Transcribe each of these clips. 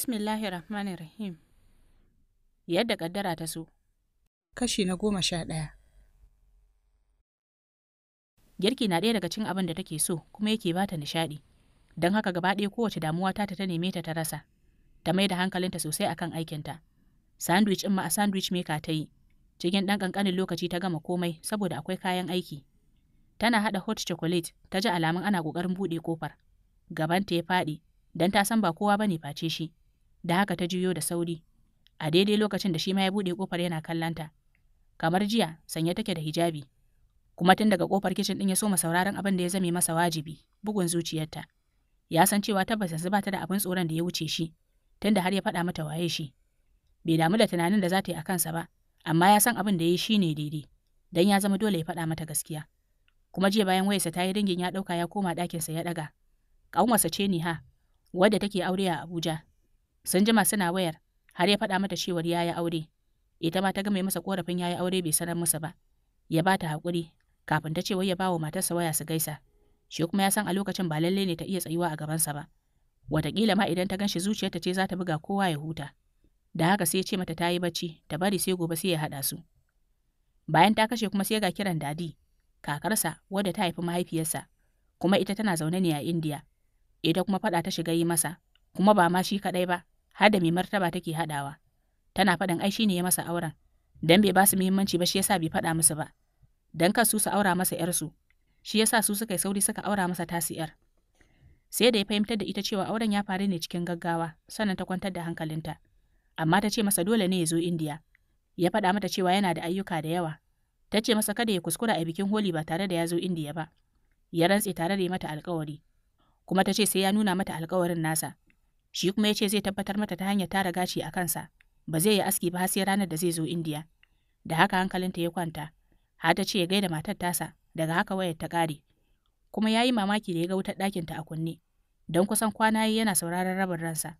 Bismillahi Rahmanir Rahim. Yadda kaddara ta so. Kashi na goma sha ɗaya. Girki na ɗaya daga cin abin da take so kuma yake ta nishaɗi. Don haka gaba ɗaya kowace damuwa ta ta neme ta ta rasa. Ta mai da hankalinta sosai a akan aikinta. Sandwich ɗin ma a sandwich ka ta yi. Cikin ɗan ƙanƙanin lokaci ta gama komai saboda akwai kayan aiki. Tana haɗa hot chocolate ta ji alamun ana ƙoƙarin buɗe ƙofar. Gabanta ya faɗi don ta san ba kowa ba ne face shi. da haka ta juyo da sauri, a daidai lokacin da shi ma ya buɗe ƙofar yana kallanta. Kamar jiya, sanye take da hijabi, kuma tun daga ƙofar kicin din ya soma sauraron abin da ya zame masa wajibi, bugun zuciyarta. Ya san cewa tabbas yanzu ba da abin tsoron da ya wuce shi, tun da har ya faɗa mata waye shi. Bai damu da tunanin da za ta yi a kansa ba, amma ya san abin da ya yi shi ne daidai, don ya zama dole ya faɗa mata gaskiya. Kuma jiya bayan wayarsa ta yi dingin ya ɗauka ya koma ɗakinsa ya ɗaga. Ƙanwarsa ce ni ha, wadda take aure a Abuja, Sun jima suna wayar, har ya faɗa mata cewar ya yi aure. Ita ma ta gama masa korafin ya yi aure bai sanar musu ba. Ya bata ta haƙuri, kafin ta ce wai ya ba matarsa waya su gaisa. Shi kuma ya san a lokacin ba lallai ne ta iya tsayuwa a gabansa ba. Wataƙila ma idan ta gan shi zuciyarta ce za ta buga kowa ya huta. Da haka sai ya ce mata ta yi bacci, ta bari sai gobe sai ya haɗa su. Bayan ta kashe kuma sai ga kiran dadi, kakarsa wadda ta haifi mahaifiyarsa, kuma ita tana zaune ne a Indiya. Ita kuma faɗa ta shiga yi masa, kuma ba ma shi kaɗai ba, har mai martaba take haɗawa. Tana faɗin ai ne ya masa auren, dan bai ba su muhimmanci ba shi yasa bai faɗa musu ba. Dan ka su su aura masa ‘yarsu, shi yasa su suka yi sauri suka aura masa tasi ‘yar. Sai da ya fahimtar da ita cewa auren ya faru ne cikin gaggawa, sannan ta kwantar da hankalinta. Amma ta ce masa dole ne ya zo Indiya. Ya faɗa mata cewa yana da ayyuka da yawa. Ta ce masa kada ya kuskura a bikin holi ba tare da ya zo Indiya ba. Ya rantse tare da mata alkawari. Kuma ta ce sai ya nuna mata alkawarin nasa, Shi kuma ya ce zai tabbatar mata ta hanyar tara gashi a kansa, ba zai yi aski ba har sai ranar da zai zo Indiya. Da haka hankalinta ya kwanta, har ta ce ya gaida matar tasa, daga haka wayar ta ƙare. Kuma ya yi mamaki da ya ga wutar ɗakin ta a kunne, don kusan kwana yi yana sauraron rabin ransa.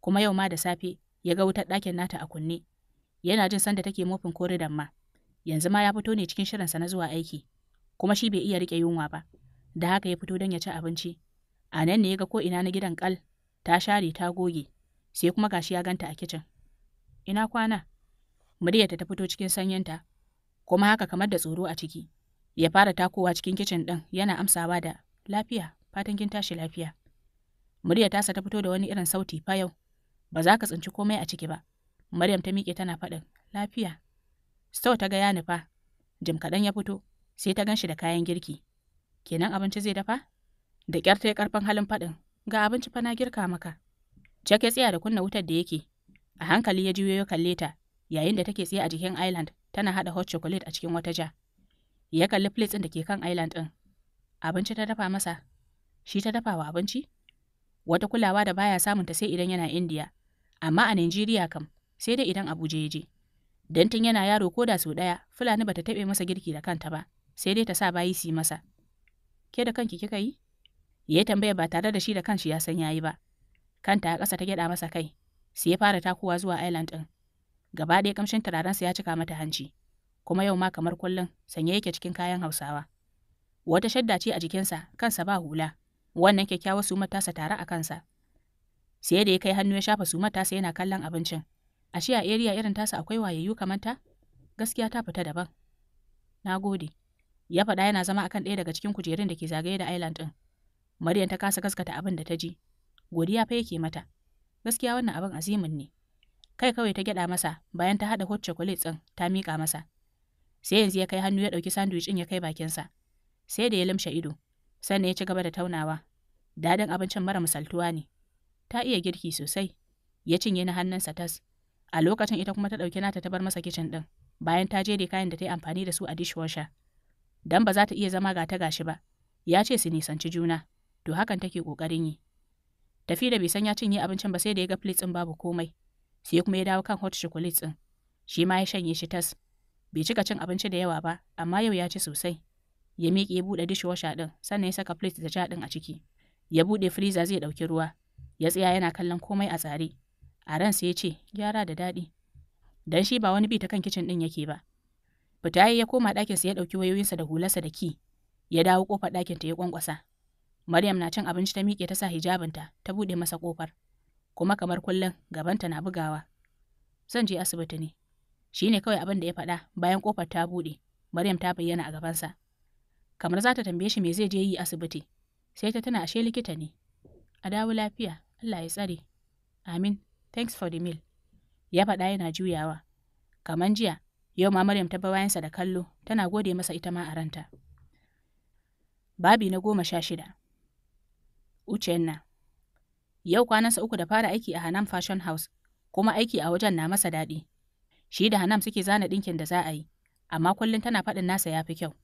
Kuma yau ma da safe ya ga wutar ɗakin nata a kunne. Yana jin sanda take mofin koridan ma. Yanzu ma ya fito ne cikin shirinsa na zuwa aiki, kuma shi bai iya riƙe yunwa ba. Da haka ya fito don ya ci abinci. A nan ne ya ga ko ina na gidan kal? ta share ta goge, sai kuma gashi ya ganta a kicin. Ina kwana? Muryarta ta fito cikin sanyinta, kuma haka kamar da tsoro a ciki. Ya fara takowa cikin kicin ɗin yana amsawa da lafiya, fatan kin tashi lafiya. Murya tasa ta fito da wani irin sauti fa yau, ba za ka tsinci komai a ciki ba. Maryam ta miƙe tana faɗin, lafiya. Sau ta ga ya nufa, jim kaɗan ya fito, sai ta gan shi da kayan girki. Kenan abinci zai dafa? Da ƙyar ta yi ƙarfin halin faɗin, Ga abinci fa na girka maka. Jack ya tsaya da kunna wutar da yake. A hankali ya juyo ya kalle ta yayin da take tsaye a jikin island tana hada hot chocolate a cikin wata ja. Ya kalli plates din da ke kan island ɗin. Abinci ta dafa masa. Shi ta dafa wa abinci? Wata kulawa da baya samun ta sai idan yana India. Amma a Najeriya kam sai dai idan Abuja ya je. Dantin yana yaro ko da sau daya Fulani bata taɓe masa girki da kanta ba, sai dai ta sa bayi su yi masa. Ke da kanki kika yi? Ya tambaya ba tare da shi da kanshi ya san ya yi ba. Kanta a ƙasa ta gyaɗa masa kai, sai ya fara takowa zuwa island ɗin. Gaba ɗaya ƙamshin turarensa ya cika mata hanci, kuma yau ma kamar kullum sanye yake cikin kayan Hausawa. Wata shadda ce a jikinsa, kansa ba hula, wannan kyakkyawar su matasa tare a kansa. Sai da ya kai hannu ya shafa su matasa yana kallon abincin. A shi a area irin tasa akwai wayayyu kamar ta? Gaskiya ta fita daban. Na gode. Ya faɗa yana zama akan ɗaya daga cikin kujerun da ke zagaye da island ɗin. Maryam ta kasa gaskata abin da ta ji. Godiya fa yake mata. Gaskiya wannan abin azimin ne. Kai kawai ta gyada masa bayan ta hada hot chocolate din ta mika masa. Sai yanzu ya kai hannu ya dauki sandwich din ya kai bakinsa. Sai da ya limsha ido. Sannan ya ci gaba da taunawa. Dadin abincin mara misaltuwa ne. Ta iya girki sosai. Ya cinye na hannunsa tas. A lokacin ita kuma ta dauki nata ta bar masa kicin din. Bayan ta je da kayan da ta yi amfani da su a dishwasher. Dan ba za ta iya zama ga ta gashi ba. Ya ce su nisanci juna. to hakan take kokarin yi. Tafi da bai san ya cinye abincin ba sai da ya ga plates ɗin babu komai, sai kuma ya dawo kan hot chocolate ɗin. Shi ma ya shanye shi tas. Bai cika cin abinci da yawa ba, amma yau ya ci sosai. Ya miƙe ya buɗe dishwasher ɗin, sannan ya saka plate da ja ɗin a ciki. Ya buɗe freezer zai ɗauki ruwa. Ya tsaya yana kallon komai a tsare. A ran sai ya ce, gyara da daɗi. Dan shi ba wani bi ta kan kicin ɗin yake ba. Fita ya koma ɗakinsa ya ɗauki wayoyinsa da hularsa da ki. Ya dawo ƙofar ɗakinta ya ƙwanƙwasa. Maryam na cin abinci ta miƙe ta sa hijabinta ta buɗe masa ƙofar. Kuma kamar kullum gabanta na bugawa. Zan je asibiti ne. Shi ne kawai abin da ya faɗa bayan ƙofar ta buɗe. Maryam ta bayyana a gabansa. Kamar za ta tambaye shi me zai je yi asibiti. Sai ta tana ashe likita ne. A dawo lafiya. Allah ya tsare. Amin. Thanks for the meal. Ya faɗa yana juyawa. Kamar jiya, yau ma Maryam ta ba bayansa da kallo, tana gode masa ita ma a ranta. Babi na goma sha shida. Uchenna. Yau kwanansa uku da fara aiki a Hanam Fashion House, kuma aiki a wajen na masa daɗi. Shi da Hanam suke zana ɗinkin da za a yi, amma kullum tana faɗin nasa ya fi kyau,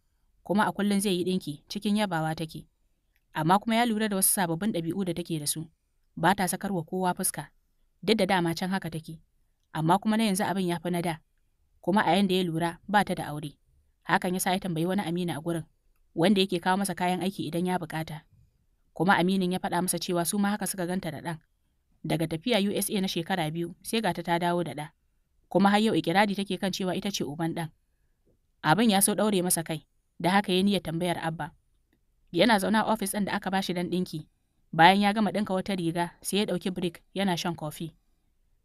kuma a kullum zai yi ɗinki cikin yabawa take. Amma kuma ya lura da wasu sababbin ɗabi'u da take da su, ba ta wa kowa fuska, duk da dama can haka take, amma kuma na yanzu abin ya fi na da, kuma a yanda ya lura ba ta da aure. Hakan ya sa ya tambayi wani amina a gurin, wanda yake kawo masa kayan aiki idan ya bukata. kuma aminin ya faɗa masa cewa su ma haka suka ganta da ɗan. Daga tafiya USA na shekara biyu sai gata ta dawo da ɗa, kuma har yau ikirari take kan cewa ita ce uban ɗan. Abin ya so ɗaure masa kai, da haka ya niyyar tambayar Abba. Yana zauna a ofis ɗin da aka bashi dan ɗinki, bayan ya gama ɗinka wata riga sai ya ɗauki brik yana shan kofi.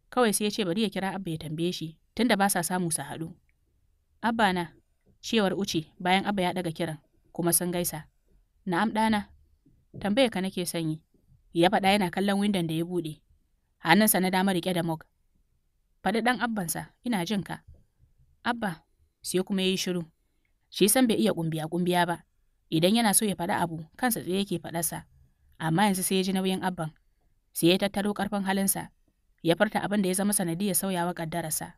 Kawai sai ya ce bari ya kira Abba ya tambaye shi, tunda ba sa samu su haɗu. Abba na, cewar uce bayan Abba ya ɗaga kiran, kuma sun gaisa. Na'am ɗana, Tambayar ka nake sanyi Ya faɗa yana kallon windon da ya buɗe. Hannunsa na dama riƙe da mug. Faɗi ɗan abbansa, ina jin ka. Abba, sai kuma yayi shiru. Shi san bai iya ƙumbiya-ƙumbiya ba. Idan yana so ya faɗi abu, kansa tsaye yake faɗarsa. Amma yanzu sai ya ji nauyin abban. Sai ya tattaro ƙarfin halinsa. Ya farta abin da ya zama sanadiyar sauyawa ƙaddararsa.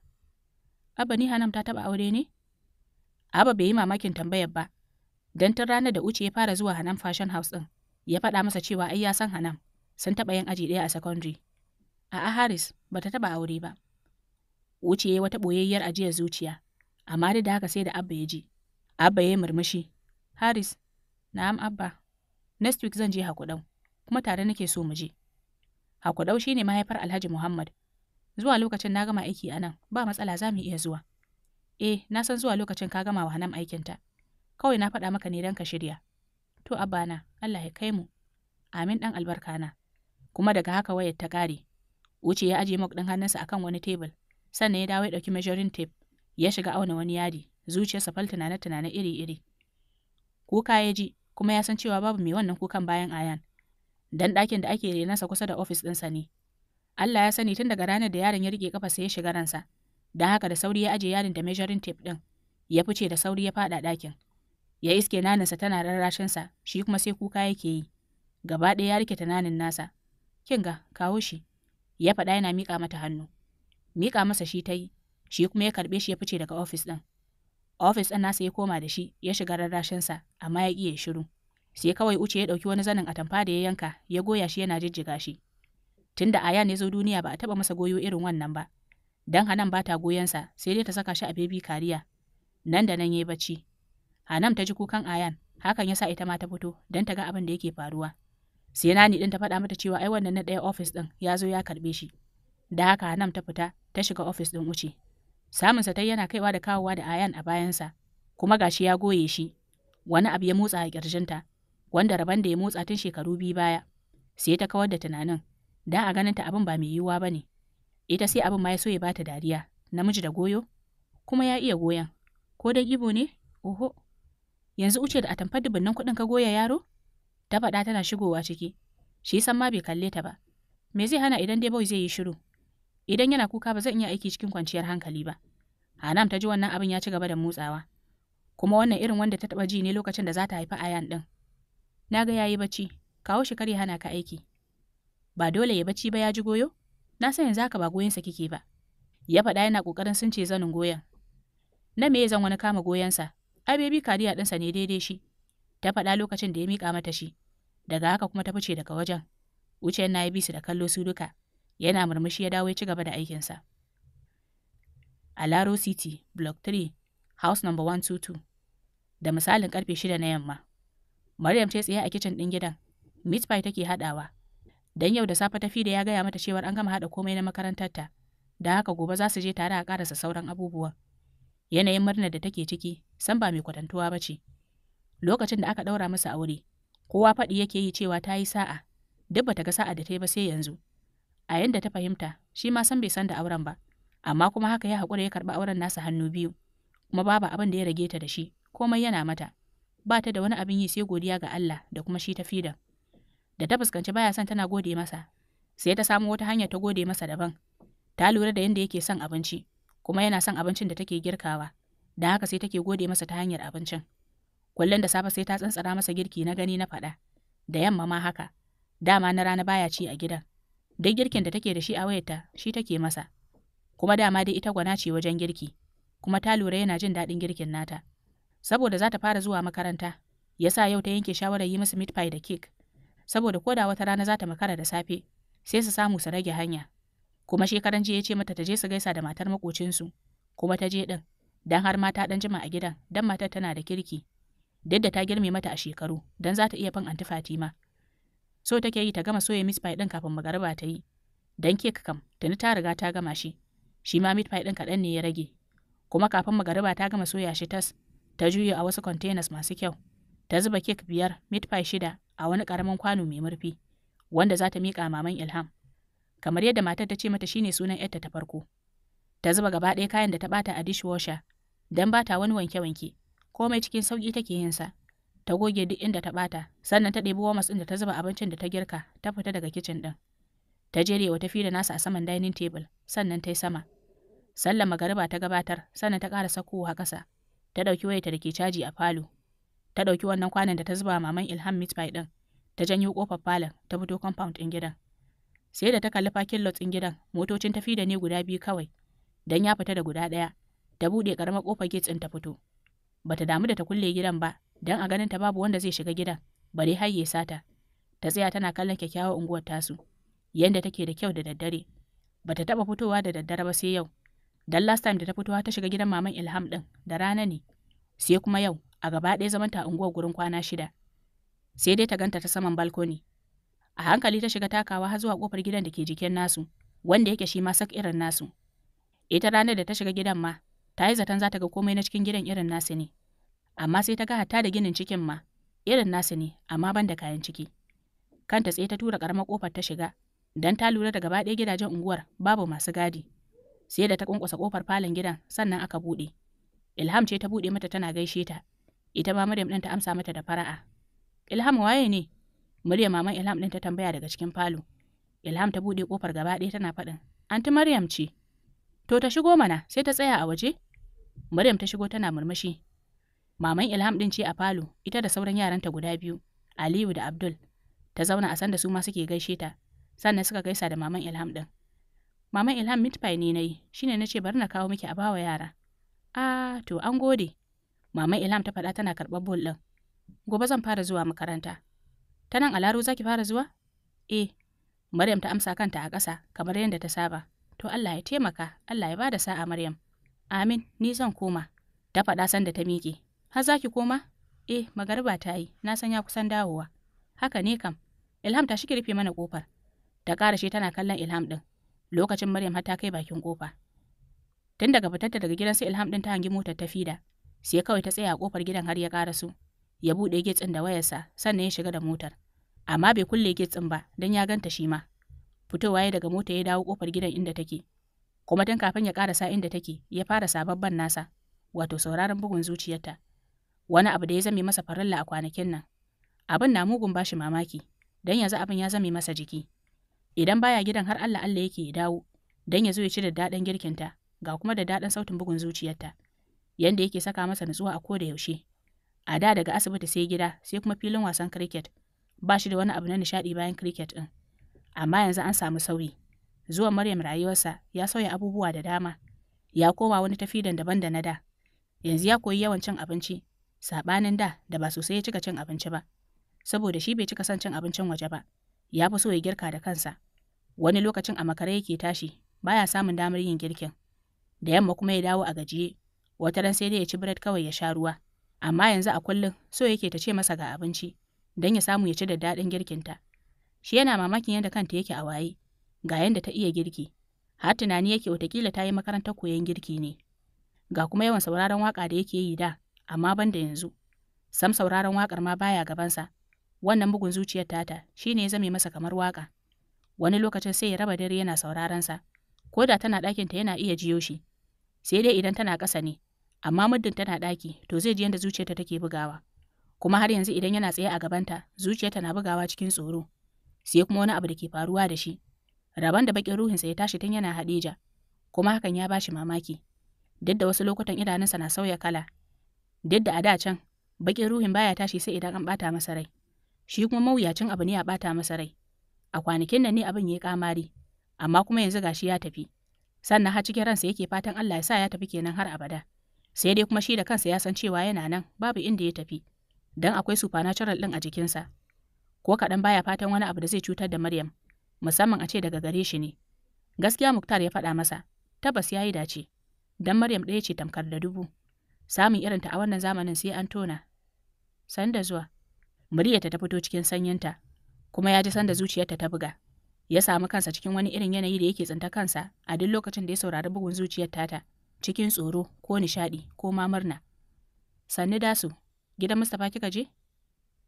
Abba ni Hanam ta taɓa aure ne? Abba bai yi mamakin tambayar ba, don tun ranar da Uce ya fara zuwa Hanam Fashion House ɗin, ya faɗa masa cewa ai ya san Hanan sun taɓa yin aji ɗaya a secondary. A'a Haris ba ta taɓa aure ba. Wuce ya wata ɓoyayyar ajiyar zuciya, amma duk da haka sai da Abba ya ji. Abba ya murmushi. Haris, na'am Abba, next week zan je Hakuɗau, kuma tare nake so mu je. Hakuɗau shine mahaifar Alhaji Muhammad. Zuwa lokacin na gama aiki anan, ba matsala za mu iya zuwa. Eh, na san zuwa lokacin ka gama wa Hanam aikinta. Kawai na faɗa maka ne don ka shirya. To bana Allah ya kai mu. Amin ɗan albarka na. Kuma daga haka wayar ta kare wuce ya ajiye mok ɗin hannunsa akan wani tebul. Sannan ya dawo ya dauki measuring tape. Ya shiga auna wani yadi. Zuciyarsa fal tunane-tunane iri-iri. Kuka ya ji, kuma ya san cewa babu mai wannan kukan bayan Ayan. Dan ɗakin da ake renansa kusa da ofis sa ne. Allah ya sani tun daga ranar da yaron ya rike kafa sai ya shiga ransa. Don haka da sauri ya aje yarin da measuring tape din. Ya fice da sauri ya faɗa ɗakin. ya iske naninsa tana rarrashinsa shi kuma sai kuka yake yi gaba ɗaya ya rike nanin nasa kin ga kawo shi ya faɗa yana miƙa mata hannu miƙa masa shi ta yi shi kuma ya karɓe shi ya fice daga ofis ɗin ofis ɗin nasa ya koma da shi ya shiga rarrashinsa amma ya ƙi ya shiru sai kawai uce ya ɗauki wani zanin atamfa da ya yanka ya goya shi yana jijjiga shi tunda aya ne zo duniya ba a taɓa masa goyo irin wannan ba dan hanan ba ta sa, sai dai ta saka shi a bebi kariya nan da nan ya yi bacci Hanam ta ji kukan Ayan, hakan ya sa ita ma ta fito don ta ga abin da yake faruwa. sai nani ɗin ta faɗa mata cewa ai wannan na ɗaya ofis ɗin ya zo ya karɓe shi. Da haka Hanam ta fita ta shiga ofis ɗin Uce. Samunsa ta yana kaiwa da kawowa da Ayan a bayansa, kuma gashi ya goye shi. Wani abu ya motsa a ƙirjinta, wanda rabon da ya motsa tun shekaru biyu baya. Sai ta kawar da tunanin, dan a ganin ta abin ba mai yiwuwa ba ne. Ita sai abin ma ya so ya bata dariya, namiji da goyo, kuma ya iya goyon. Ko dan Ibo ne? Oho, Yanzu uce da atamfar dubunnan kuɗin ka goya yaro? Ta faɗa tana shigowa ciki. Shi san ma bai kalle ta ba. Me zai hana idan dai boy zai yi shiru? Idan yana kuka ba zan iya aiki cikin kwanciyar hankali ba. Hanam ta ji wannan abin ya ci gaba da motsawa. Kuma wannan irin wanda ta taɓa ji ne lokacin da za ta haifi Ayan ɗin. Na ga yi bacci, kawo shi kar ya hana ka aiki. Ba dole ya bacci ba ya ji goyo? Na san yanzu haka ba goyonsa kike ba. Ya faɗa yana ƙoƙarin sunce zanin goyon. Na me zan wani kama sa. abebi kariya ɗinsa ne daidai shi ta faɗa lokacin da ya miƙa mata shi daga haka kuma ta fice daga wajen Wuce na ya bi su da kallo su duka yana murmushi ya dawo ya ci gaba da aikinsa a laro city block 3 house number 122 da misalin karfe shida na yamma maryam ce tsaye a kicin ɗin gidan meat pie take haɗawa dan yau da safe tafi da ya gaya mata cewar an gama haɗa komai na makarantarta da haka gobe za su je tare a karasa sauran abubuwan yanayin murnar da take ciki san ba mai kwatantuwa ba ce. Lokacin da aka ɗaura masa aure, kowa faɗi yake yi cewa ta yi sa'a, duk bata ga sa'a da ta yi ba sai yanzu. A yanda ta fahimta, shi ma san bai san da auren ba, amma kuma haka ya haƙura ya karɓi auren nasa hannu biyu, kuma babu abin da ya rage ta da shi, komai yana mata. Ba ta da wani abin yi sai godiya ga Allah da kuma shi ta fida. Da ta fuskanci baya son tana gode masa, sai ta samu wata hanya ta gode masa daban. Ta lura da yanda yake son abinci, kuma yana son abincin da take girkawa. da haka sai take gode masa ta hanyar abincin. Kullum da safe sai ta tsantsara masa girki na gani na faɗa, da yamma ma haka, dama na rana baya ci a gidan. Duk girkin da take da shi a wayarta shi take masa, kuma dama dai ita gwana ce wajen girki, kuma ta lura yana jin daɗin girkin nata. Saboda za ta fara zuwa makaranta, ya sa yau ta yanke shawarar yi masa meat pie da cake, saboda ko da wata rana za ta makara da safe, sai su samu su rage hanya. Kuma shekaran jiya ya ce mata ta je su gaisa da matar makocinsu, kuma ta je ɗin. dan har mata dan jima a gidan dan matar tana da kirki duk da ta girme mata a shekaru don za ta iya fan anti Fatima so take yi ta gama soya mitfai pie din kafin magariba ta yi dan kek kam tuni ta riga ta gama shi shi ma miss pie din kaɗan ne ya rage kuma kafin magariba ta gama soya shi tas ta juya a wasu containers masu kyau ta zuba kek biyar miss pie shida a wani ƙaramin kwano mai murfi wanda za ta miƙa maman Ilham kamar yadda matar ta ce mata shine sunan yarta ta farko ta zuba gaba ɗaya kayan da ta bata a dishwasher dan ba ta wani wanke-wanke komai cikin sauƙi take yin sa ta goge duk inda ta bata sannan ta ɗebi wamas ɗin da ta zuba abincin da ta girka ta fita daga kicin ɗin ta jere wa tafi da nasa a saman dining table sannan ta yi sama sallan magariba ta gabatar sannan ta ƙara sakowa ƙasa ta ɗauki wayarta da ke caji a falo ta ɗauki wannan kwanan da ta zuba maman ilham meat ɗin ta janyo ƙofar falon ta fito compound ɗin gidan sai da ta kalli parking lot ɗin gidan motocin tafi da ne guda biyu kawai dan ya fita da guda ɗaya ta buɗe ƙaramar ƙofar gate ɗin ta fito. Bata damu da ta kulle gidan ba, don a ganin ta babu wanda zai shiga gidan, bare har sata. Ta tsaya tana kallon kyakkyawar unguwar tasu, yanda take da kyau da daddare. Bata taɓa fitowa da daddare ba sai yau. Dan last time da ta fitowa ta shiga gidan maman Ilham ɗin da rana ne. Sai kuma yau, a gaba ɗaya zaman ta unguwar gurin kwana shida. Sai dai ta ganta ta saman balkoni. A hankali ta shiga takawa har zuwa kofar gidan da ke jikin nasu, wanda yake shi ma sak irin nasu. Ita ranar da ta shiga gidan ma, ta yi zaton za ta ga komai na cikin gidan irin nasu ne amma sai ta ga hatta da ginin cikin ma irin nasu ne amma ban da kayan ciki kanta tsaye ta tura karamar kofar ta shiga dan ta lura da gaba ɗaya gidajen unguwar babu masu gadi sai da ta kunkusa kofar falon gidan sannan aka buɗe ilham ce ta buɗe mata tana gaishe ta ita ma maryam ɗin ta amsa mata da fara'a ilham waye ne murya maman ilham ɗin ta tambaya daga cikin falo ilham ta buɗe kofar gaba ɗaya tana faɗin anti maryam ce To ta shigo mana sai ta tsaya a waje? Maryam ta shigo tana murmushi. Maman Ilham din ce a falo, ita da sauran yaranta guda biyu, Aliyu da Abdul. Ta zauna a sanda su ma suke gaishe ta, sannan suka gaisa da maman Ilham din. Maman Ilham mitfai ne ne nayi, shine nace bari na kawo miki a bawa yara. A to an gode. Maman Ilham ta faɗa tana karɓar bol ɗin. Gobe zan fara zuwa makaranta. Ta nan Alaro zaki fara zuwa? Eh, Maryam ta amsa kanta a ƙasa kamar yadda ta saba. To Allah ya taimaka, Allah ya bada sa'a Maryam. Amin, ni zan koma. Ta faɗa sanda ta miƙe. Har za ki koma? Eh, magariba ta yi, na san ya kusan dawowa. Haka ne kam. Ilham ta shike rufe mana ƙofar. Ta ƙarashe tana kallon Ilham ɗin. Lokacin Maryam har ta kai bakin ƙofa. Tun daga fitarta daga gidan su, Ilham ɗin ta hangi motar ta fida. Sai kawai ta tsaya a ƙofar gidan har ya ƙaraso. Ya buɗe gitsin da wayarsa, sannan ya shiga da motar. Amma bai kulle gitsin ba, don ya ganta shi ma. fitowa ya daga mota ya dawo kofar gidan inda take kuma tun kafin ya karasa inda take ya fara sababban nasa wato sauraron bugun zuciyarta wani abu da ya zame masa farilla a kwanakin nan abin na mugun bashi mamaki dan yanzu abin ya zame masa jiki idan baya gidan har Allah Allah yake ya dawo dan ya zo ya ci da daɗin girkinta ga kuma da dadan sautin bugun zuciyarta yanda yake saka masa nutsuwa a koda yaushe a da daga asibiti sai gida sai kuma filin wasan cricket ba shi da wani abu na nishadi bayan cricket ɗin. amma yanzu an samu sauyi. Zuwan Maryam rayuwarsa ya sauya abubuwa da dama, ya koma wani tafidan daban da na da. Yanzu ya koyi yawan cin abinci, saɓanin da da ba sosai ya cika cin abinci ba, saboda shi bai cika son cin abincin waje ba, ya fi so ya girka da kansa. Wani lokacin a makare yake tashi, baya samun damar yin girkin. Da yamma kuma ya dawo a gajiye, wata ran sai dai ya ci bread kawai ya sha ruwa, amma yanzu a kullum so yake ta ce masa ga abinci, don ya samu ya ci da daɗin girkinta. Shi yana mamakin yadda kanta yake a waye, ga yadda ta iya girki. Har tunani yake watakila ta yi makarantar koyon girki ne. Ga kuma yawan sauraron waka da yake yi da, amma ban da yanzu. Sam sauraron wakar ma baya gabansa. Wannan bugun zuciyar tata shi ne zame masa kamar waka. Wani lokacin sai ya raba dare yana sauraron sa. Ko da tana ɗakinta yana iya jiyo shi. Sai dai idan tana ƙasa ne, amma muddin tana ɗaki to zai ji yadda zuciyarta take bugawa. kuma har yanzu idan yana tsaye a gabanta zuciyarta na bugawa cikin tsoro sai kuma wani abu da ke faruwa da shi Rabon da bakin ruhinsa ya tashi tun yana Hadija kuma hakan ya bashi mamaki duk da wasu lokutan idanunsa na sauya kala duk da a da can baƙin ruhin baya tashi sai idan an bata masa rai shi kuma mawuyacin abu ne a bata masa rai a kwanakin nan ne abin ya kamari amma kuma yanzu gashi ya tafi sannan har cikin ransa yake fatan Allah ya sa ya tafi kenan har abada sai dai kuma shi da kansa ya san cewa yana nan babu inda ya tafi dan akwai supernatural ɗin a jikinsa ko kaɗan baya fatan wani abu da zai cutar da Maryam, musamman a ce daga gare shi ne. Gaskiya Muktar ya faɗa masa, tabbas ya yi dace, don Maryam ɗaya ce tamkar da dubu. Samun irinta a wannan zamanin sai an tona. Sanda zuwa, muryarta ta fito cikin sanyinta, kuma ya ji sanda zuciyarta ta buga. Ya samu kansa cikin wani irin yanayi da yake tsinta kansa a duk lokacin da ya saurari bugun zuciyarta ta. cikin tsoro ko nishaɗi ko ma murna. Sannu Dasu, gidan Mustapha kika je?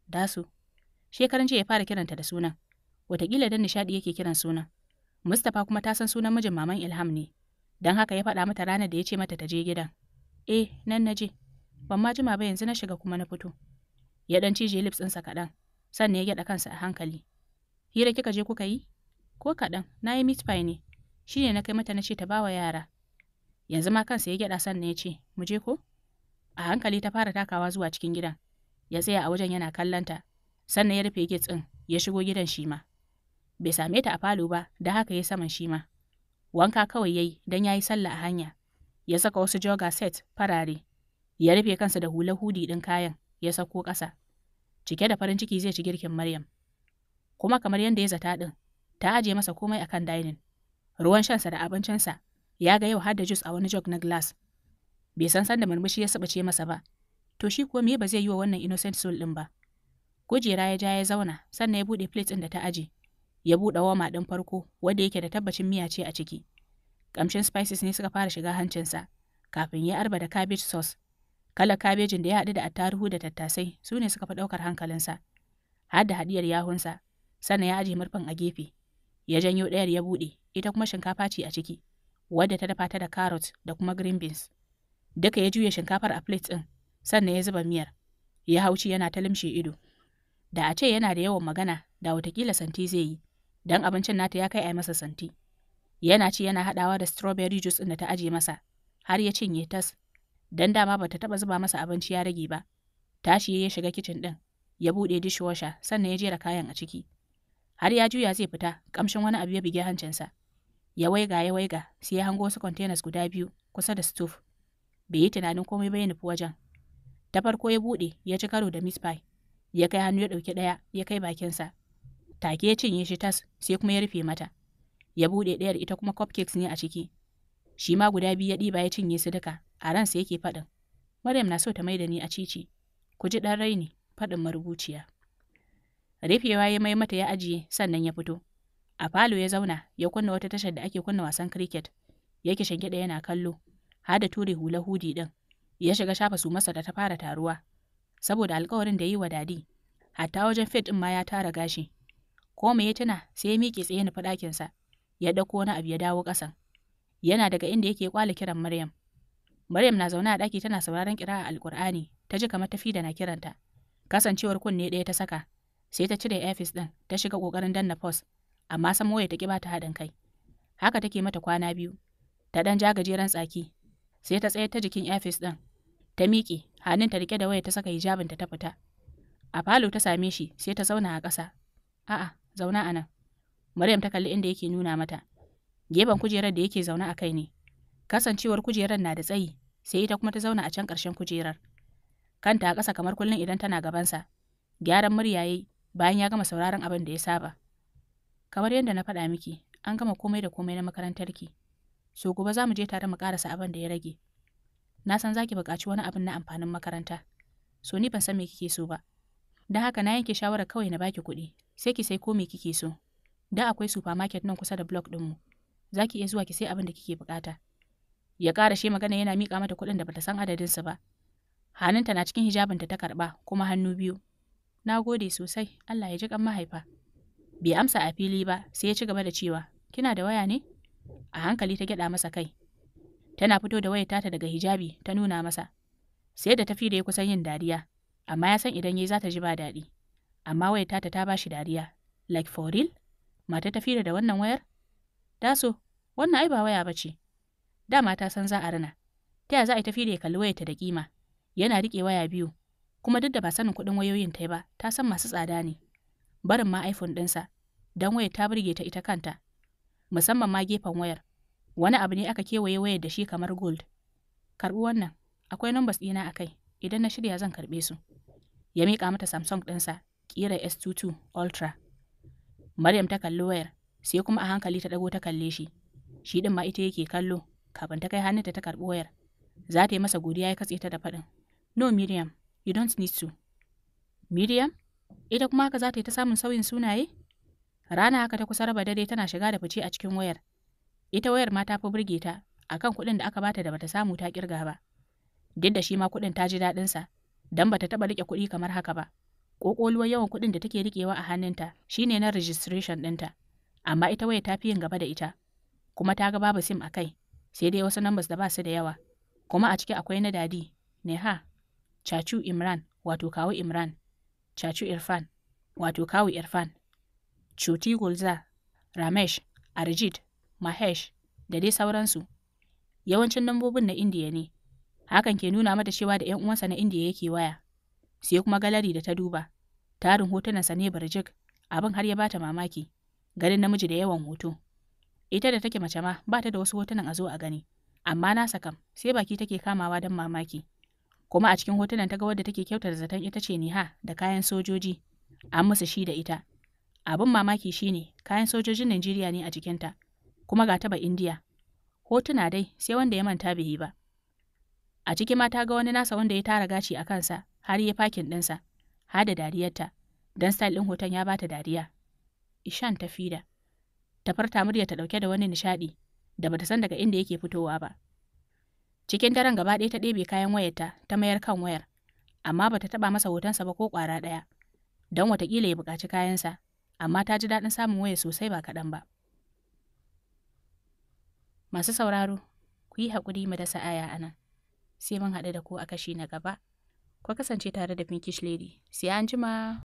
Dasu, Shekaran jiya ya fara kiranta da sunan. Wataƙila dan nishaɗi yake kiran sunan. Mustapha kuma ta san sunan mijin maman Ilham ne. Don haka ya faɗa mata ranar da ya ce mata ta je gidan. Eh, nan na je. Ban ma jima ba yanzu na shiga kuma na fito. Ya ɗan cije lips ɗinsa kaɗan, sannan ya gyaɗa kansa a hankali. Hira kika je kuka yi? Ko kaɗan, na yi meat pie ne. Shi ne na kai mata na ce ta bawa yara. Yanzu ma kansa ya gyaɗa sannan ya ce, mu je ko? A hankali ta fara takawa zuwa cikin gidan. Ya tsaya a wajen yana kallanta, sannan ya rufe gate ɗin ya shigo gidan shima. Bai same ta a falo ba, da haka ya saman shima. Wanka kawai yayi dan don ya yi sallah a hanya. Ya saka wasu joga set farare. Ya rufe kansa da hula hudi din kayan, ya sako ƙasa. Cike da farin ciki zai ci girkin Maryam. Kuma kamar yadda ya zata ɗin, ta aje masa komai akan dining. Ruwan shansa da abincinsa, ya ga yau har da juice a wani jog na glass. Bai san san da murmushi ya sabace masa ba. To shi kuwa me ba zai yi wa wannan innocent soul din ba. Kujera ya ja ya zauna, sannan ya bude plate ɗin da ta aje. Ya buɗe woma ɗin farko, wanda yake da tabbacin miya ce a ciki. Kamshin spices ne suka fara shiga hancinsa, kafin ya arba da cabbage sauce. Kala kabejin da ya haɗu da attaruhu da tattasai su ne suka fi ɗaukar hankalinsa. Har da haɗiyar yahunsa, sannan ya aje murfin a gefe. Ya janyo ɗayar ya buɗe, ita kuma shinkafa ce a ciki, wadda ta dafa ta da carrot da kuma green beans. Duka ya juya shinkafar a plate ɗin, sannan ya zuba miyar. Ya hauci yana ta limshe ido. Da a ce yana da yawan magana, da watakila santi zai yi, don abincin nata ya kai a masa santi. Yana ci yana haɗawa da strawberry juice ɗin da ta aje masa, har ya cinye tas, don dama ba ta taɓa zuba masa abinci ya rage ba. Tashi ya shiga kicin ɗin, ya buɗe dishwasher sannan ya jera kayan a ciki. Har ya juya zai fita, ƙamshin wani abu ya bige hancinsa. Ya waiga ya waiga, sai ya hango wasu containers guda biyu kusa da stove. Bai yi tunanin komai ba nufi wajen. Ta farko ya buɗe, ya ci karo da meat pie. ya kai hannu ya ɗauki ɗaya ya kai bakinsa take ya cinye shi tas sai kuma ya rufe mata ya buɗe ɗayar ita kuma cupcakes ne a ciki shi ma guda biyu ya ɗiba ya cinye su duka a ransa yake faɗin maryam na so ta maida ni a cici ku ji ɗan raini faɗin marubuciya rufewa ya mai mata ya ajiye sannan ya fito a falo ya zauna ya kunna wata tashar da ake kunna wasan cricket yake shingiɗa yana kallo har da ture hula hudi ɗin ya shiga shafa su masa da ta fara taruwa saboda alkawarin da yi wa dadi. Hatta wajen fit ɗin ma ya tara gashi. Ko mai ya tuna sai ya miƙe tsaye na sa ya ɗauko na abu ya dawo ƙasa Yana daga inda yake kwala kiran Maryam. Maryam na zaune a ɗaki tana sauraron kira a Alƙur'ani, ta ji kamar tafi da na kiranta. Kasancewar kunne ɗaya ta saka, sai ta cire efis ɗin, ta shiga ƙoƙarin danna pos, amma san ya ta kiba ta haɗin kai. Haka take mata kwana biyu, ta ɗan ja gajeren tsaki, sai ta tsaye ta jikin efis ɗin, ta miƙe hannun ta rike da waya ta saka hijabin ta ta fita a falo ta same shi sai ta zauna a ƙasa a'a zauna anan. maryam ta kalli inda yake nuna mata gefen kujerar da yake zauna a kai ne kasancewar kujerar na da tsayi sai ita kuma ta zauna a can ƙarshen kujerar kanta a ƙasa kamar kullum idan tana gabansa gyaran murya yayi bayan ya gama sauraron abin da ya saba kamar yadda na faɗa miki an gama komai da komai na makarantarki so gobe za mu je tare mu ƙarasa abin da ya rage Na san za ki buƙaci wani abin na amfanin makaranta. So ni ban san me kike so ba. Don haka na yanke shawara kawai na baki kuɗi, sai ki sai ko me kike so. Da akwai supermarket nan kusa da block ɗinmu. Za ki iya zuwa ki sai abin da kike buƙata. Ya ƙara shi magana yana miƙa mata kuɗin da bata san adadinsa ba. Hannunta na cikin hijabinta ta karɓa kuma hannu biyu. Na gode sosai, Allah ya ji kan mahaifa. Bai amsa a fili ba, sai ya ci gaba da cewa, kina da waya ne? A hankali ta gyaɗa masa kai. Tana fito da wayar tata daga hijabi ta nuna masa. Sai da tafi da ya kusan yin dariya, amma ya san idan yayi za ta ji ba daɗi. Amma wayar ta ta shi dariya. Like for real? Mata tafi da wannan wayar? Daso, wannan ai ba waya ba ce." Da mata san za a rana. Ta ya za a tafi da ya kalli wayarta da kima? Yana rike waya biyu, kuma duk da ba sanin kuɗin wayoyin ta ba, ta san masu tsada ne. Barin ma iPhone ɗinsa, don wayar ta burge ta ita kanta, musamman ma gefen wayar, wani abu ne aka kewaye wayar da shi kamar gold karbi wannan akwai numbers ɗina a kai idan na shirya zan karɓe su ya miƙa mata samsung ɗinsa ƙira s22 ultra maryam ta kalli wayar sai kuma a hankali ta ɗago ta kalle shi shi ɗin ma ita yake kallo kafin ta kai hannunta ta karɓi wayar za ta yi masa godiya ya katse ta da faɗin no miriam you don't need to miriam ita kuma haka za ta yi ta samun sauyin sunaye rana haka ta kusa raba dare tana shiga da fice a cikin wayar Ita wayar ma ta fi burge ta akan kuɗin da aka bata da bata samu ta ƙirga ba. Duk da shi ma kuɗin ta ji daɗinsa, don bata taɓa riƙe kuɗi kamar haka ba. Ƙoƙoluwar yawan kuɗin da take riƙewa a hannunta shine na registration ɗinta, amma ita waya ta fi yin gaba da ita, kuma ta ga babu sim a kai, sai dai wasu numbers da ba su da yawa, kuma a ciki akwai na dadi, ha Chachu Imran, wato kawu Imran, Chachu Irfan, wato kawu Irfan, Chuti Gulza, Ramesh, Arjit, Mahesh, da dai sauransu. Yawancin lambobin na Indiya ne, hakan ke nuna mata cewa da ‘yan uwansa na Indiya yake waya, sai kuma galari da ta duba, tarin hotunansa ne barjik, abin har ya bata mamaki, ganin namiji da yawan hoto. Ita da take mace ma ba ta da wasu hotunan a zo a gani, amma nasa kam sai baki take kamawa don mamaki. Kuma a cikin hotunan ta ga wadda take kyautar zaton ita ce Niha da kayan sojoji, an musu shi da ita. Abin mamaki shine kayan sojojin Najeriya ne a jikinta. kuma ga ta indiya hotuna dai sai wanda ya manta bai yi ba a ciki mata, ta ga wani nasa wanda ya tara gashi a kansa har ya fakin ɗinsa har da dariyarta don style ɗin hoton ya bata dariya ishan ta fida ta farta murya ta ɗauke da wani nishaɗi da bata san daga inda yake fitowa ba cikin daren gaba ɗaya ta ɗebe kayan wayarta ta mayar kan wayar amma bata taɓa masa hotonsa ba ko ƙwara ɗaya don watakila ya buƙaci kayansa amma ta ji daɗin samun waya sosai ba kaɗan ba. Masu sauraro, ku yi haƙuri mu dasa aya a nan, sai mun haɗu da ku a kashi na gaba. Ku kasance tare da Pinkish Lady, sai an jima.